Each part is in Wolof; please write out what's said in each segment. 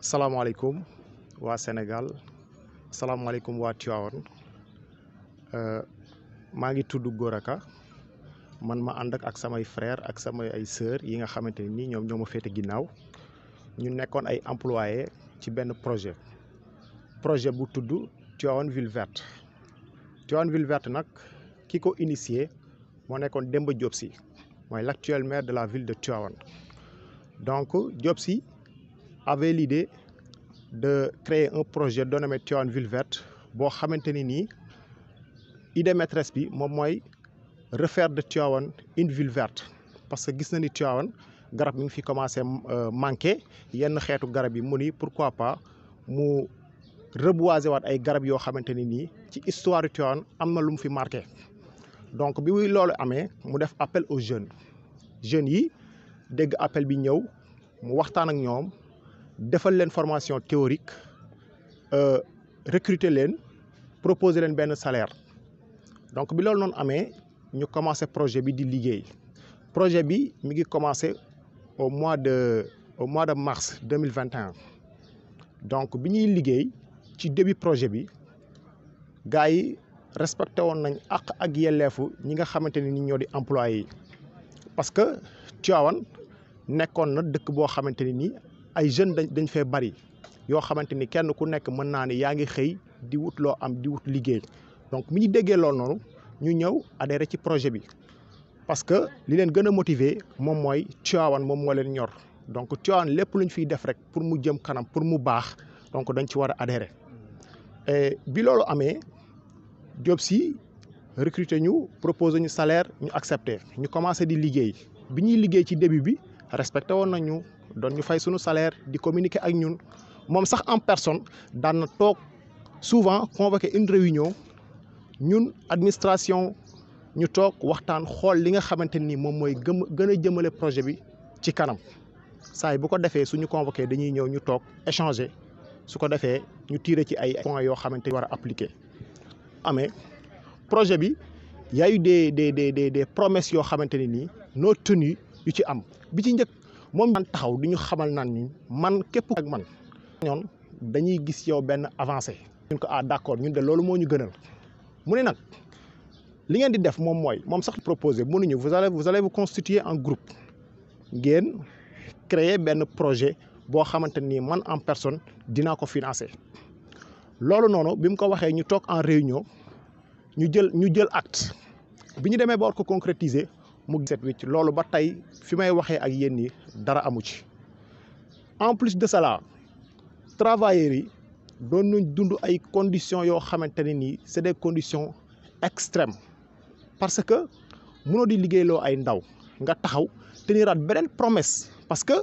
Assalamualaikum, wa Senegal. Assalamualaikum wa Tivaouane eh, maa ngi tudd Gora Ka man ma andak ak samay frère ak samay ay sœur yi nga xamante ni ñoom ginau. ma féete ñu nekkoon ay employé ci ben projet projet bu tudd Tiawon ville verte Tiawon ville verte nak kiko initié moo Demba Diop l'actuel maire de la ville de Tiawon. donc Diop avait l'idée de créer un projet nommer Tivaouane Ville Verte pour xamante ni idée maîtresse bi refaire de Tiawan une ville verte parce que gis na ni Tivaouane garab mi fi commencé euh, manquer yenn xétu garab yi muni pourquoi pas mu reboiser wat ay garab yo xamanteni ni ci histoire yu Tivaouane am na lu mu fi marqué donc bi muy lolu amé mu def appel aux jeunes jeunes yi dégg appel bi ñew mu waxtaan ak ñom defal leen formation théorique euh, recruter leen proposer leen benn salaire donc bi loolu noonu nous ñu le projet bi di liggéey projet bi mi ngi commencé au mois de au mois de mars 2021. donc bi ñuy liggéey ci début projet bi gai yi respecté woon nañ ak yelleefu ñi nga xamante ni ñoo di employé parce que Tivaouane nekkoon na dëkk bo xamante ni ay jeunes dañ fait bari yo xamanteni kenn ku nek mën ne di wut donc mi loolu ñu projet parce que li leen motivés, motivé. motiver fait leen ñor donc lepp les def rek pour mu jëm kanam pour mu baax donc dañ ci wara a euh bi loolu amé ñu ñu salaire ñu accepter ñu commencé di liguey bi ñi liguey ci début bi respecté nañu donc, ñu fay suñu salaire di communiquer ak ñun Même sax en personne na souvent convoqué une réunion ñun administration ñu tok waxtaan xol li nga xamanteni mom moy gëna jëmele projet bi ci kanam nous bu ko défé suñu convoquer dañuy ñëw ñu tok échanger su ko ñu tirer ci ay points yo xamanteni wara appliquer projet bi y a eu des des des des promesses tenues am moom man taxaw di xamal nan ni man képp ak man ñoon dañuy gis yow ben avancé ñun ko ah d'accord ñun de lolu moo ñu gënal mu ne nag li ngeen di def mom moy mom sax proposé mënuñu vous allez vous allez vous constituer en groupe ngeen créer benn projet bo xamanteni man en personne dina ko financer lolu nono bimu ko waxé ñu tok en réunion ñu jël ñu jël acte bi ñu demee ba ko concrétiser mu set wicc loolu ba tey fi may ak yéen dara amu ci en plus de cela travailleurs yi doon nañ dund ay conditions yoo xamante ne nii c'est des conditions extrêmes parce que mënoo di ay ndaw nga taxaw teniraat beneen promesse parce que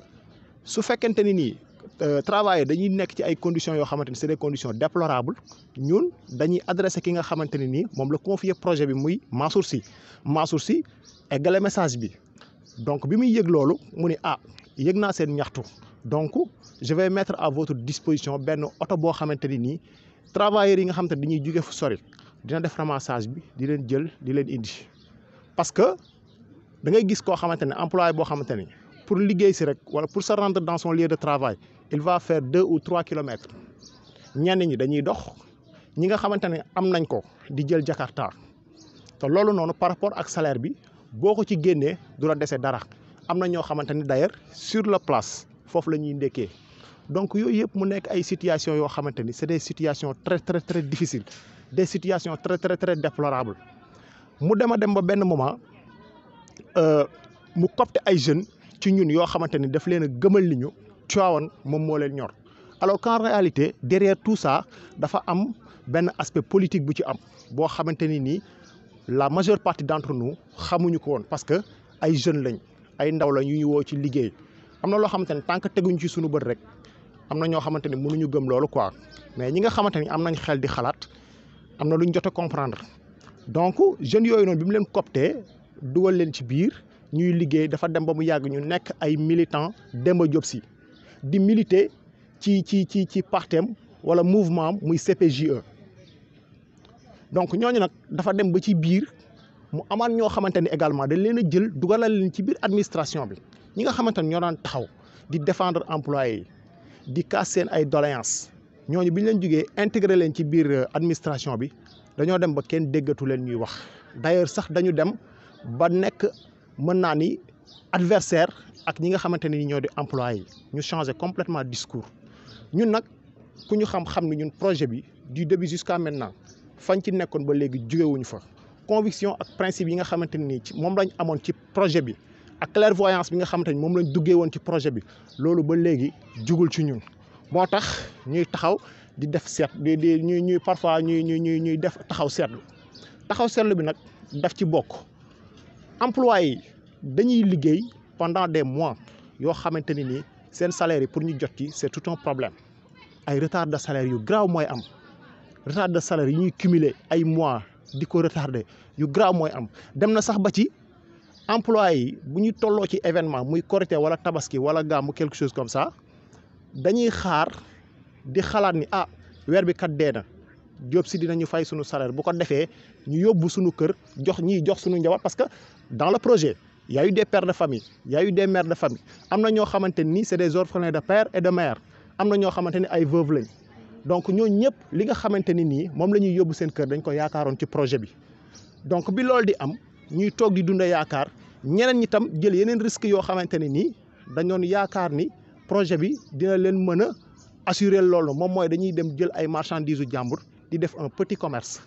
su fekkente ni euh, travailleurs dañuy nek ci ay conditions yo xamanteni c'est des conditions déplorables ñun dañuy adresser ki nga xamanteni ni mom le confier projet bi muy Mansour Sy Mansour message bi donc bi muy yëg loolu mu ni ah yegg na seen ñaxtu donc je vais mettre à votre disposition ben auto bo xamanteni ni nii travailleurs yi nga xamanteni dañuy juggé fu sori dina def ramassage bi di len jël di len indi parce que da ngay gis ko xamanteni ne employé boo xamante pour liguer si rek wala pour se rendre dans son lieu de travail il va faire deux ou trois kilomètres ñenn ñi dañuy dox ñi nga xamante am nañ ko di jël Jakarta Té lolu nonu par rapport ak salaire bi boko ci génnee du la dese dara Amna ño ñoo d'ailleurs sur la place foofu lañuy ndéké. donc yoy yep mu nekk ay situation yo xamante c'est des situations très très très difficiles des situations très très très déplorables mu déma dem ba ben moment euh, mu copte ay jeunes. ci ñun yoo xamante ni daf leen a gëmal ni ñu Tivaouane moom moo leen ñor alors qu'en réalité derrière tout ça dafa am benn aspect politique bu ci am boo xamante ni nii la majeure partie d'entre nous xamuñu ko woon parce que ay jeunes lañ ay ndaw lañ yu ñu woo ci liggéey am na loo xamante ni tant que teguñ ci suñu bët rek am na ñoo xamante ni mënuñu gëm loolu quoi mais ñi nga xamante ni am nañ xel di xalaat am na luñ jot comprendre donc jeunes yooyu noonu bi mu leen coptee dugal leen ci biir. ñuy liggéey dafa dem ba mu yàgg ñu nekk ay militants Demba Diop Sy di militer ci ci ci ci partem wala mouvement am muy CPJE donc ñooñu nag dafa dem ba ci biir mu amaan ñoo xamante ni également dañ leen a jël dugalal leen ci biir administration bi ñi nga xamante ne ñoo daan taxaw di défendre employés yi di kaas seen ay doléance ñooñu bi ñu leen jógee intégré leen ci biir euh, administration bi dañoo dem ba kenn déggatu leen ñuy wax d'ailleurs sax dañu dem ba nekk mën naa adversaire ak ñi nga xamanteni ñoo di employé ñu changer complètement discours ñun nak ku ñu xam-xam ni ñun projet bi du début jusqu'à maintenant fañ ci nekkoon ba légui jugé jógewuñu fa conviction ak principe yi nga xamanteni ni ci moom lañ amone ci projet bi ak clairvoyance bi nga xamanteni mom lañ duggé won ci projet bi lolu ba légui jugul ci ñun motax ñuy taxaw di def set di ñuy ñuy parfois ñuy ñuy ñuy def taxaw setlu taxaw setlu bi nak daf ci bokk employé dañuy liggéey pendant des mois yo xamanteni ni sen salaire yi pour ñu jot ci tout un problème ay retard de salaire yu grave moy am retard de salaire yu ñuy cumuler ay mois di ko retardé yu grave moy am dem na sax ba ci employé bu ñu tollo ci événement muy korité wala tabaski wala gàmmu quelque chose comme ça dañuy xaar di xalaat ni ah weer bi kat dee job Diop si dinañu fay suñu salaire bu ko defee nous yobbu suñu kër jox parce que dans le projet il y a eu des pères de famille il y a eu des mères de famille amna ño xamanteni c'est des orphelins de père et de mère amna ño xamanteni ay veuves donc ñoo ñep li nga xamanteni ni mom lañuy yobbu kër dañ ko projet bi donc bi lol di am ñuy tok di dund yaakar tam jël yeneen risque yo xamanteni nous ni projet bi dina leen assurer loolu moom mooy dañuy dem jël ay marchandises Nous jàmbur di un petit commerce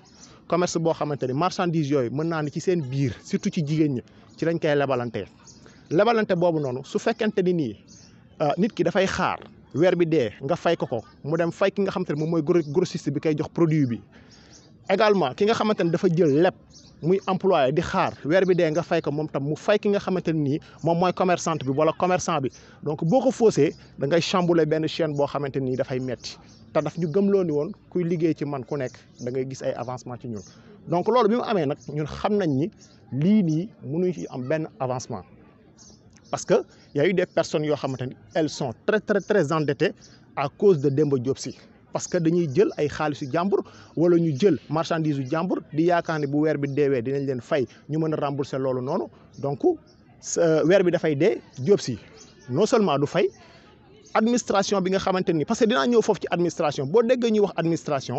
commerce boo xamante ni marchandise yooyu mën naa ni ci seen biir surtout ci jigéen ñi ci lañ koy lebalante labalante boobu noonu su fekkente ni nii euh, nit ki dafay xaar weer bi dee nga fay ko ko mu dem fay ki nga xamante ni moom mooy grossiste bi koy jox produit bi également ki nga xamante ni dafa jël lépp muy employé di xaar weer bi dee nga fay ko moom tam mu fay nga xamante ni nii moom mooy commerçante bi wala commerçant bi donc boo ko faussé da ngay benn chaîne boo xamante ni dafay metti te daf ñu gëmloo ni woon kuy liggéey ci man ku nekk da ngay gis ay avancement ci ñun donc loolu bi mu amee nag ñun xam nañ ni lii nii mënu ci am benn avancement parce que y a eu des personnes yoo xamante ni elles sont très très très endettées à cause de Demba Diop parce que dañuy jël ay xaalisu jàmbur wala ñu jël marchandise yu jàmbur di yaakaar ne bu weer bi deewee dinañ leen fay ñu mën a rembourser loolu noonu donc euh, weer bi dafay dee Diop Sy non seulement du fay administration bi nga xamanteni parce que dina ñëw fofu ci administration bo dégg ñuy wax administration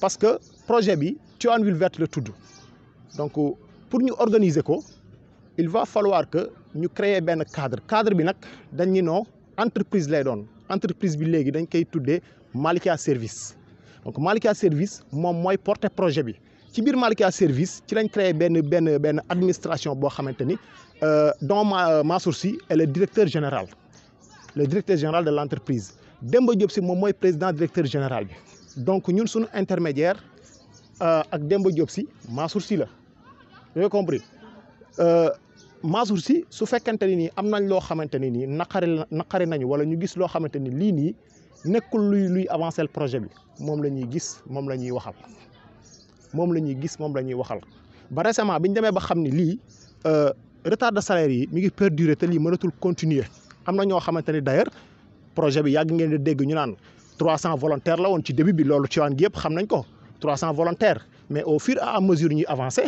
parce que projet bi Tivaouane Ville Verte le tudd donc pour ñu organiser ko il va falloir que ñu créer ben cadre cadre bi nak dañ ñi no entreprise lay doon entreprise bi légui dañ koy tuddé Malika Service donc Malika Service mom moy porter projet bi ci bir Malika Service ci lañ créer ben ben ben administration bo xamanteni euh dont source elle est le directeur général le directeur général de l'entreprise. Demba Diop le président directeur général donc nous sommes intermédiaire euh, avec Demba Diop si Mansour vous compris euh, Mansour si su fekkente ni nii am nañ ni nii nañu wala gis luy avancer le projet bi mom lañuy gis mom la waxal mom gis waxal ba récemment ba euh, retard de salaire yi mi ngi perdurer continuer amna na ñoo d'ailleurs projet bi yag ngeen di dégg ñu naan 300 volontaires la won ci début bi loolu Tivaouane gi yëpp xam nañ ko 300 volontaires mais au fur et à mesure ñuy avancer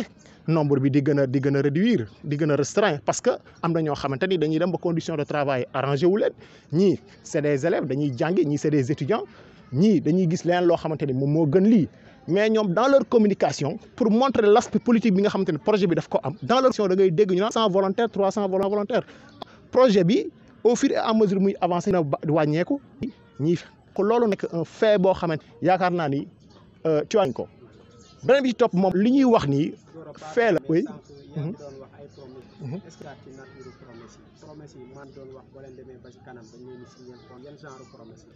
nombre bi di gën a di gën a réduire di gën a restreint parce que am na ñoo xamante ni dañuy dem ba condition de travail arrangé wu leen ñii c'est des élèves dañuy jàngi ñii c'est des étudiants ñii dañuy gis leneen loo xamante ni moom moo gën lii mais ñoom dans leur communication pour montrer l'aspect politique bi nga xamante ni projet bi daf ko am dans leur communication da ngay dégg ñu naan 100 volontaires 300 volontaires projet bi au fur et à mesure muy avancer na do ñii ko lolu nek un fait ni euh, tu ko bi ci wax fait la oui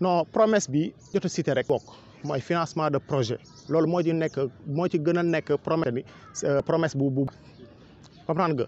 non promesse bi je a cité rek financement de projet Lolu moo ci a promesse bi euh, promesse bu bu comprendre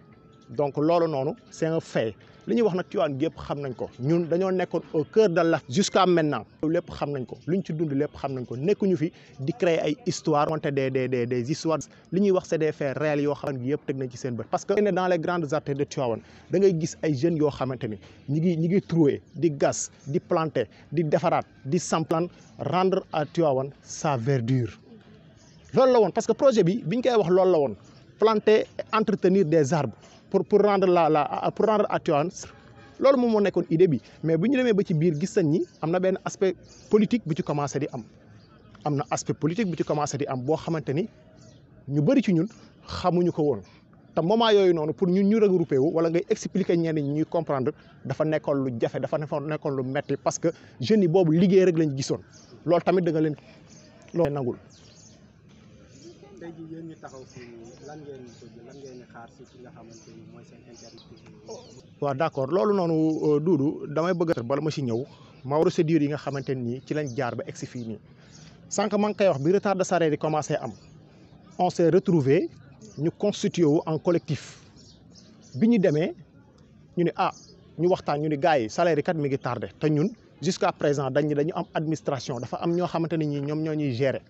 donc loolu noonu c'est un fait li ñuy wax nag Tivaouane gépp xam nañ ko ñun dañoo nekkoon au cœur de l'acte jusqu'à maintenant lépp xam nañ ko luñ ci dund lépp xam nañ ko nekkuñu fi di créer ay histoire monter des des des des histoires li ñuy wax c'est des faits réels yoo xamante ni yëpp teg nañ ci seen bët parce que ne dans les grandes artères de Tivaouane da ngay gis ay jeunes yoo xamante ni ñi ngi ñi ngi trouver di gas di planter di defaraat di samplan rendre à Tivaouane sa verdure loolu la woon parce que projet bi biñ koy wax loolu la woon planter entretenir des arbres pour pour rendre la la pour rendre loolu moom moo nekkoon idée bi mais bu ñu demee ba ci biir gis nañ ni am na benn aspect politique bu ci commencé di am am na aspect politique bu ci commencé di am boo xamante ni ñu bëri ci ñun xamuñu ko woon te moment yooyu noonu pour ñu ñu regroupé wu wala ngay expliquer ñenn ñi ñuy comprendre dafa nekkoon lu jafe dafa nekkoon lu metti parce que jeunes yi boobu liggéey rek lañ gisoon loolu tamit danga leen loolu nangul tey jii yéen ñu taxaw fii lan ngeen bëgg lan ngeen xaar si ki nga xamante ni mooy seen interlocuteur waaw d' accord loolu noonu euh, damay bëgg a ma si ñëw ma procédure yi nga xamante ci lañ jaar ba egsi fii nii sànq maa ngi wax bi retard de salaire commencé am on s' est retrouvé ñu constitué en collectif bi ñu demee ñu ne ah ñu waxtaan ñu ne gars yi salaire yi kat mi ngi tardé te ñun jusqu' présent dañ dañu am administration dafa am ñoo xamante ne ñii ñoom gérer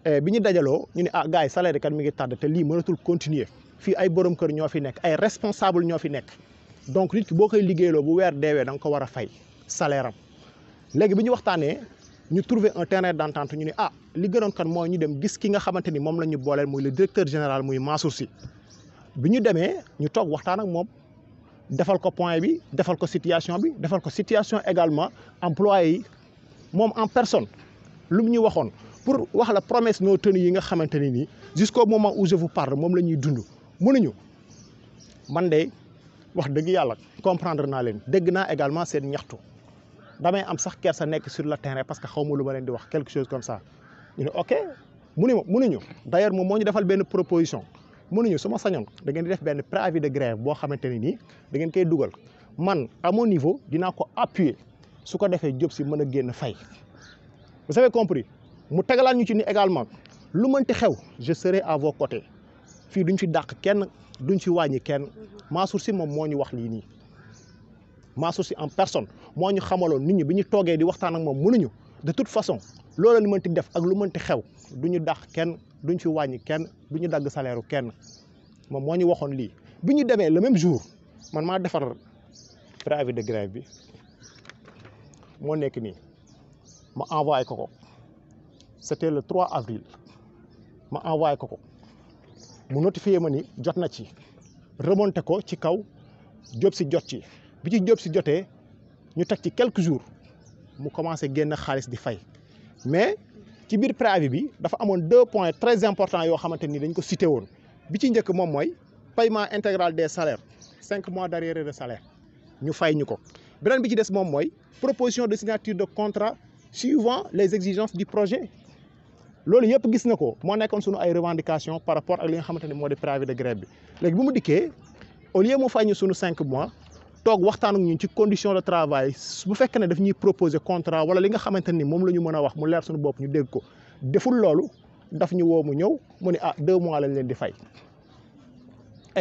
Eh, bi ñu dajaloo ñu ni ah gaay salaire kan mi ngi tàdd te li mënatul continuer fi ay borom kër ñoo fi nekk ay responsable ñoo fi nekk donc nit ki boo koy bu wër déwé da nga ko wara fay salaire légui biñu waxtané ñu trouver un terrain d'entente ñu ni ah li gënoon kan moy ñu dem gis ki nga xamanteni mom lañu la moy le directeur général muy Mansour Sy bi ñu demee ñu toog waxtaan ak mom défal ko point bi défal ko situation bi défal ko situation également employé mom en personne lu mu ñu waxoon pour wax la promesse non tenue yi nga xamanteni ni jusqu'au moment où je vous parle mom lañuy ñuy dund mënuñu man de wax deug yalla comprendre na len dégg na également sen ñaxtu damay am sax kersa nek sur le terrain parce que xaw luma len di wax quelque chose comme ça ñu ni ok mënu mënuñu d'ailleurs mom moñu defal ben proposition mënuñu suma sañon da ngeen di def ben préavis de grève bo xamanteni ni da ngeen kay duggal man à mon niveau dina ko appuyer su ko defee Diop Sy mën a génn fay vous avez compris mu tegalaat ñu ci ni également lu mënti xew je serai à vos côtés fi duñ ci dàq kenn duñ ci wañi kenn Mansour Sy mom moñu wax li ni Mansour Sy en personne moñu xamalon nit ñi biñu toggé di waxtaan ak mom mënuñu de toute façon loolu lu mënti def ak lu mënti xew duñu ñu dàq kenn duñ ci wañi kenn duñu ñu dagg salaire kenn moom moo ñu waxoon lii bi le même jour man ma défar privé de grève bi mo nekk ni ma envoyé ko ko c'était le 3 avril ma envoyé Koko. m'a notifié ma ni jot remonté ko ci kaw Je si jot ci bi ci si quelques jours mu commencé génn xaalis di fay mais ci biir préavis bi dafa amone deux points très importants yo xamanteni dañ ko cité won bi ci ñëk mom moy paiement intégral des salaires cinq mois d'arrière de salaire ñu fay ñuko benen bi ci dess mom moy proposition de signature de contrat suivant les exigences du projet loolu yëpp gis na ko moo nekkoon sunu ay revendication par rapport ak li nga xamante ne moo di préavis de grève bi léegi bu mu dikkee au lieu mu fay ñu sunu cinq mois toog waxtaan ak ñun ci condition de travail bu fekkee ne daf ñuy proposer contrat wala li nga xamante ni moom la ñu mën a wax mu leer suñu ñu dégg ko deful loolu daf ñu woo mu ñëw mu ne ah deux mois lañ leen di fay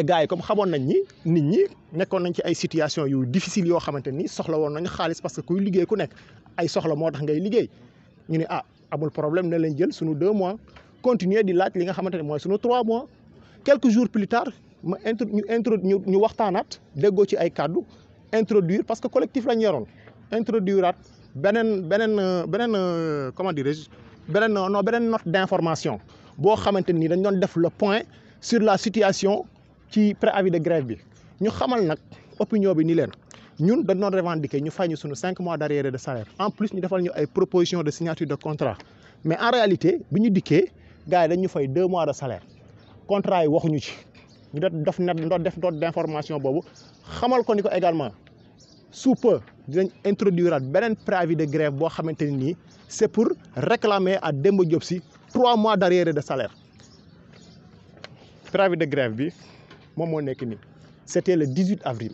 gars comme xamoon nañ ni nit ñi nekkoon nañ ci ay situation yu difficile yoo xamante ni soxla woon nañ xaalis parce que kuy liggéey ku nekk ay soxla moo tax ngay liggéey ñu ni ah amul problème ne leen jël sunu deux mois continuer di laaj li nga xamante moy mooy sunu trois mois quelques jours plus tard ma intro ñu intro ñu waxtanat déggo ci ay cadeau, introduire parce que collectif lañ yoroon introduiraat benen benen benen comment dire benen non benen note d'information bo xamante dañ doon def le point sur la situation ci préavis de grève bi ñu xamal nak opinion bi ni leen. Nous devons revendiquer nous faisons mois d'arrière de salaire en plus nous devons ñu une proposition de signature de contrat mais en réalité nous avons dikkee mois de salaire contrat est waxuñu nous Nous def des informations Nous également sous peu introduire préavis de grève c'est pour réclamer à Dembo Diop mois d'arrière de salaire préavis de grève c'était le 18 avril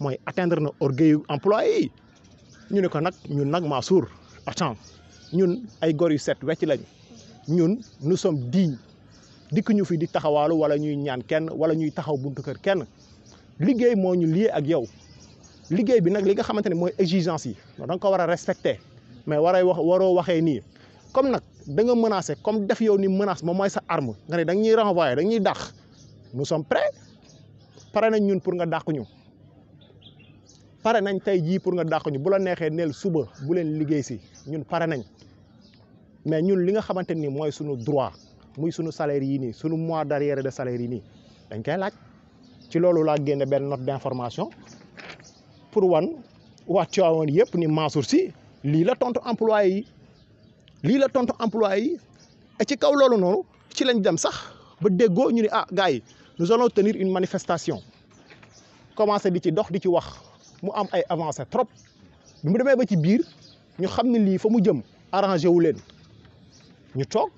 moy atteindre na employé ne ko ñun attends nous sommes dignes dikk ñu fi di taxawalu wala ñuy ñaan kenn wala ñuy taxaw buntu kër kenn liggéey lié ne exigence yi nga ko mais waray wax waroo comme nag da nga menacé comme def yow ni menace moom sa arme nga renvoyé nous sommes prêts pare nañ ñun pour nga ñu. paré nañ tay ji pour nga dakk ñu bu la nexé nel suba bu len liggéey ci ñun paré nañ mais ñun li nga xamanteni moy suñu droit muy suñu salaire yi ni suñu mois d'arrière de salaire yi ni dañ kay laaj ci lolu la génné ben note d'information pour wan wa tiawon yépp ni Mansour ci li la tontu employé yi li la tontu employé yi et ci kaw lolu nonu ci lañ dem sax ba déggo ñu ni ah gaay nous allons tenir une manifestation commencer di ci dox di ci wax mu am ay avancé trop bimu ba ci biir ñu ne jëm arrangé wu len ñu tok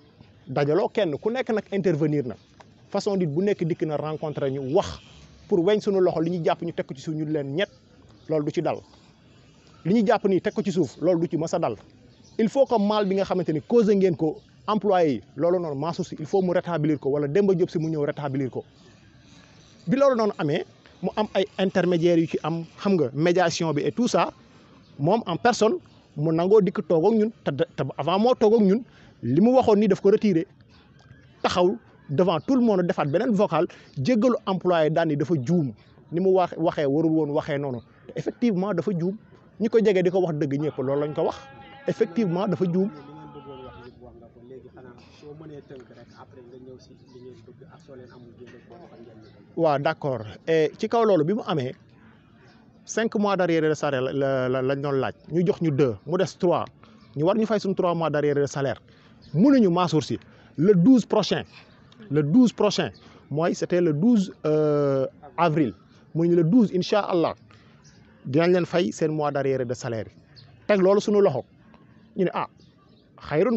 dajalo kenn ku intervenir na façon dit, bu na ñu wax pour wéñ suñu loxo li ñu japp ñu ci suñu len ñet du ci dal li ñu faut que mal bi nga xamanteni employé loolu il faut mu rétablir ko wala Demba job si mu rétablir ko bi loolu mu am ay intermédiaires yu ci am xam nga médiation bi et tout ça moom en personne mu nangoo dikk toog ak ñun te te avant moo toog ak ñun li mu waxoon ni daf ko retiré taxaw devant tout le monde defaat beneen vocal jéggalu employé daan ni dafa juum ni mu wax waxee warul woon waxee noonu te effectivement dafa juum ñi ko jege di ko wax dëgg ñëpp loolu lañ ko wax effectivement dafa juum. nga ko léegi xanaa soo mënee tënk rek après nga ñëw si li ngeen bëgg ak soo leen amul jéem a ko njëriñ. waaw d' accord eh, ci kaw loolu bi mu amee cinq mois d' arriéré de salaire la la lañ doon laaj ñu jox ñu deux mu des trois ñu war ñu fay suñu trois mois d' arriéré de salaire mënuñu Mansour Sy le douze prochain le douze prochain mooy c' était le douze euh, avril mënuñu le douze incha allah dinañ leen fay seen mois d' arriéré de salaire yi teg loolu suñu loxo ñu ne ah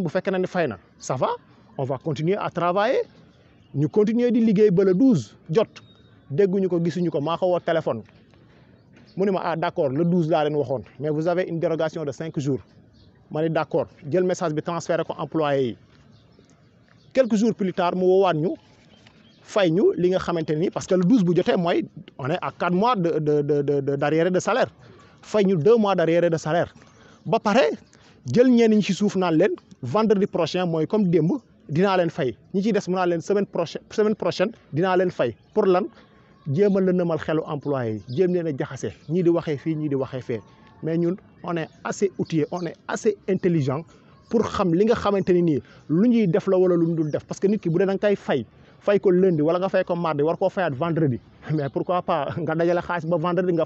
bu fekkene ni fayna ça va on va continuer à travailler ñu continuer di liggéey ba le 12 jot que ko gisuñu ko le téléphone mu ma ah d'accord le 12 la leen mais vous avez une dérogation de 5 jours d'accord. d'accord. y a jël message bi transfert ko employé yi quelques jours plus tard mu wowat ñu fay ñu li nga xamanteni ni parce que le 12 bu on est à 4 mois de de de Il arriéré de salaire fay ñu 2 mois d'arrière de salaire ba paré ci vendredi prochain moy comme demb dina fay ñi ci dess mu semaine prochaine semaine prochaine pour lan jéem a xelu employé yi jéem jaxassé ñi di mais ñun on est assez outillé on est assez intelligent pour xam li nga nous ni faire. parce que nit ki bu dee vendredi mais pourquoi pas nga ba vendredi nga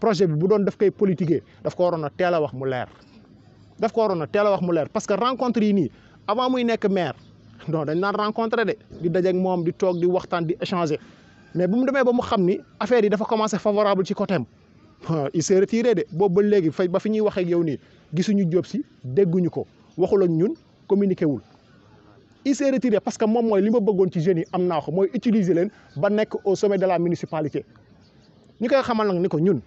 projet bi bu doon daf koy politiquer daf ko waroon a teel a wax mu leer daf ko waroon a teel a wax mu leer parce que rencontre yi nii avant muy nekk maire non dañ naan rencontré de di dajeeg moom di toog di waxtaan di échanger mais bu mu demee ba mu xam ni affaire yi dafa commencé favorable ci côté am il s'est retiré de boobu ba léegi fay ba fi ñuy waxee ak yow nii gisuñu Diop Sy dégguñu ko waxul ñun communiqué wul. il s'est retiré parce que moom mooy li ma bëggoon ci jeunes yi am naa ko mooy utiliser leen ba nekk au sommet de la municipalité ñi koy xamal nag ni ko ñun.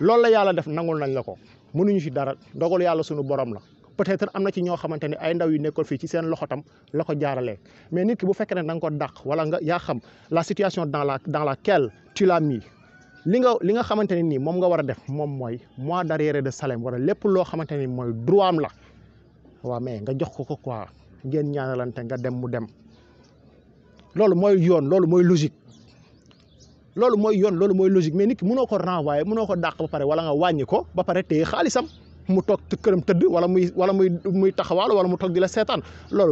loolu la yàlla def nangul nañ la ko mënuñu ci dara ndogalu yàlla suñu borom la peut-être am na ci ñoo xamante ne ay ndaw yu nekkoon fii ci seen loxo tam la ko jaaralee mais nit ki bu fekkee ne da nga ko dàq wala nga yaa xam la situation dans la dans laquelle tu l'as mis li nga li nga xamante ne nii moom nga war a def moom mooy mois d'arriéré de salem wala lépp loo xamante ne mooy droit am la waaw mais nga jox ko ko quoi ngeen ñaanalante nga dem mu dem loolu mooy yoon loolu mooy logique loolu moy yon loolu moy logique mais nit mënoko renvoyer mënoko dakk ba pare wala nga wañi ko ba pare té xaalisam mu te kërëm teud wala muy wala muy muy taxawal wala mu tok dila la seetaan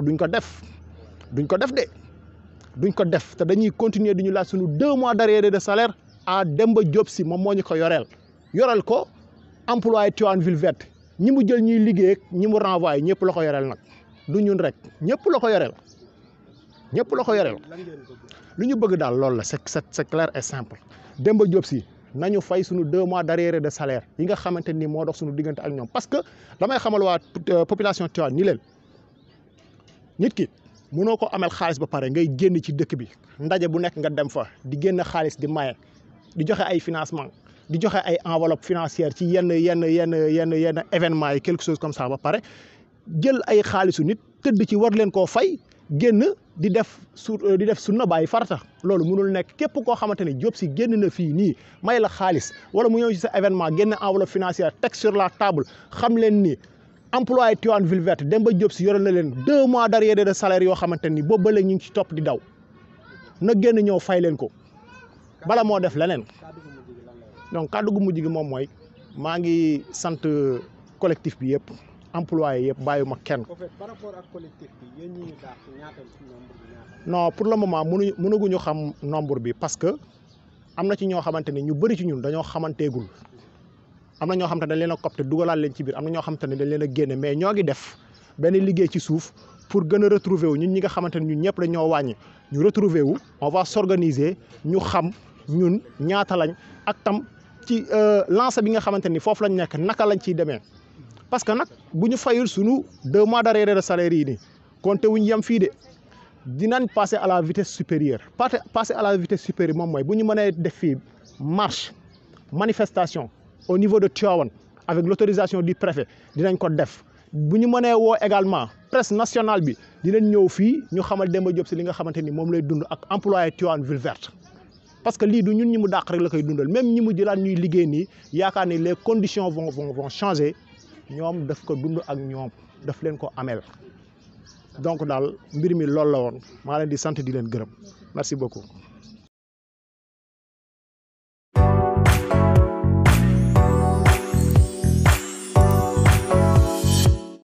duñ ko def duñ ko def de duñ ko def té dañuy continuer duñu la suñu 2 mois d'arrière de salaire à Demba Diop si mom moñ ko yoreel yoreel ko employé Tivaouane Ville Verte ñi mu jël ñuy liggéey ñi mu la ko yoreel nak du ñun rek ñepp la ko yoreel ñepp la ko yoreel lu ñu bëgg daal lool la c'est c'est clair et simple Demba job si nañu fay suñu 2 mois d'arrière de salaire yi nga xamanteni mo dox suñu diggante ak ñom parce que damay xamal wa euh, population tiwa ni leen nit ki mëno ko amel xaaliss ba paré ngay génn ci dëkk bi ndaje bu nekk nga dem fa di génn xaaliss di maye di joxe ay financement di joxe ay enveloppe financière ci yenn yenn yenn yenn yenn événement yi quelque chose comme ça ba paré jël ay xaalissu nit teud ci war leen ko fay génn di def su euh, di def sunna bàyyi farata loolu mënul nekk képp koo xamante ne Diop Sy génn na fii nii may la xaalis wala mu ñëw ci sa événement génn enveloppe financière teg sur la table xam leen ni employé Tivaouane Ville Verte Demba Diop Sy yore na leen deux mois d'arriérés de salaire yoo xamante ni boobu ba léegi ñu ngi ci topp di daw na génn ñëw fay leen ko bala moo def leneen donc kàddu gu mujj gi moom mooy maa ngi sant collectif bi yëpp. employé yëpp ma kenn. par rapport ak collectif bi yéen ñi pour le moment mënuñu mënaguñu xam nombre bi parce que am na ci ñoo xamante ni ñu bëri ci ñun dañoo xamanteegul am na ñoo xamante ne dañ leen a copte leen ci biir am na xamante ne dañ leen a génne mais ñoo ngi def benn liggéey ci suuf pour gën a retrouver wu ñun ñi nga xamante ne ñun ñëpp dañoo wàññi ñu retrouver wu on va organiser ñu xam ñun ñaata lañ ak tam ci euh, lance bi nga xamante ni foofu lañ nekk naka lañ ciy demee. parce que nak buñu fayul suñu deux mois derrière de salaire yi nii compté wuñ yam fi dé dinañ passer à la vitesse supérieure passer à la vitesse supérieure mom moy buñu ñu def fi marche manifestation au niveau de Tiawan, avec l'autorisation du préfet dinañ ko def buñu ñu wo également presse nationale bi dinañ ñëw fi ñu xamal Demba job ci li nga xamante mom lay dund ak employé Tivaouane ville verte parce que li du ñun ñi mu dàq rek la koy dundal même ñi mu jëlaat ñuy liggéey ni yaakaar ni les conditions vont vont vont changer ñoom daf ko dund ak ñoom daf leen ko ameel donc daal mbir mi loolu la woon maa leen di sant di leen gërëm merci beaucoup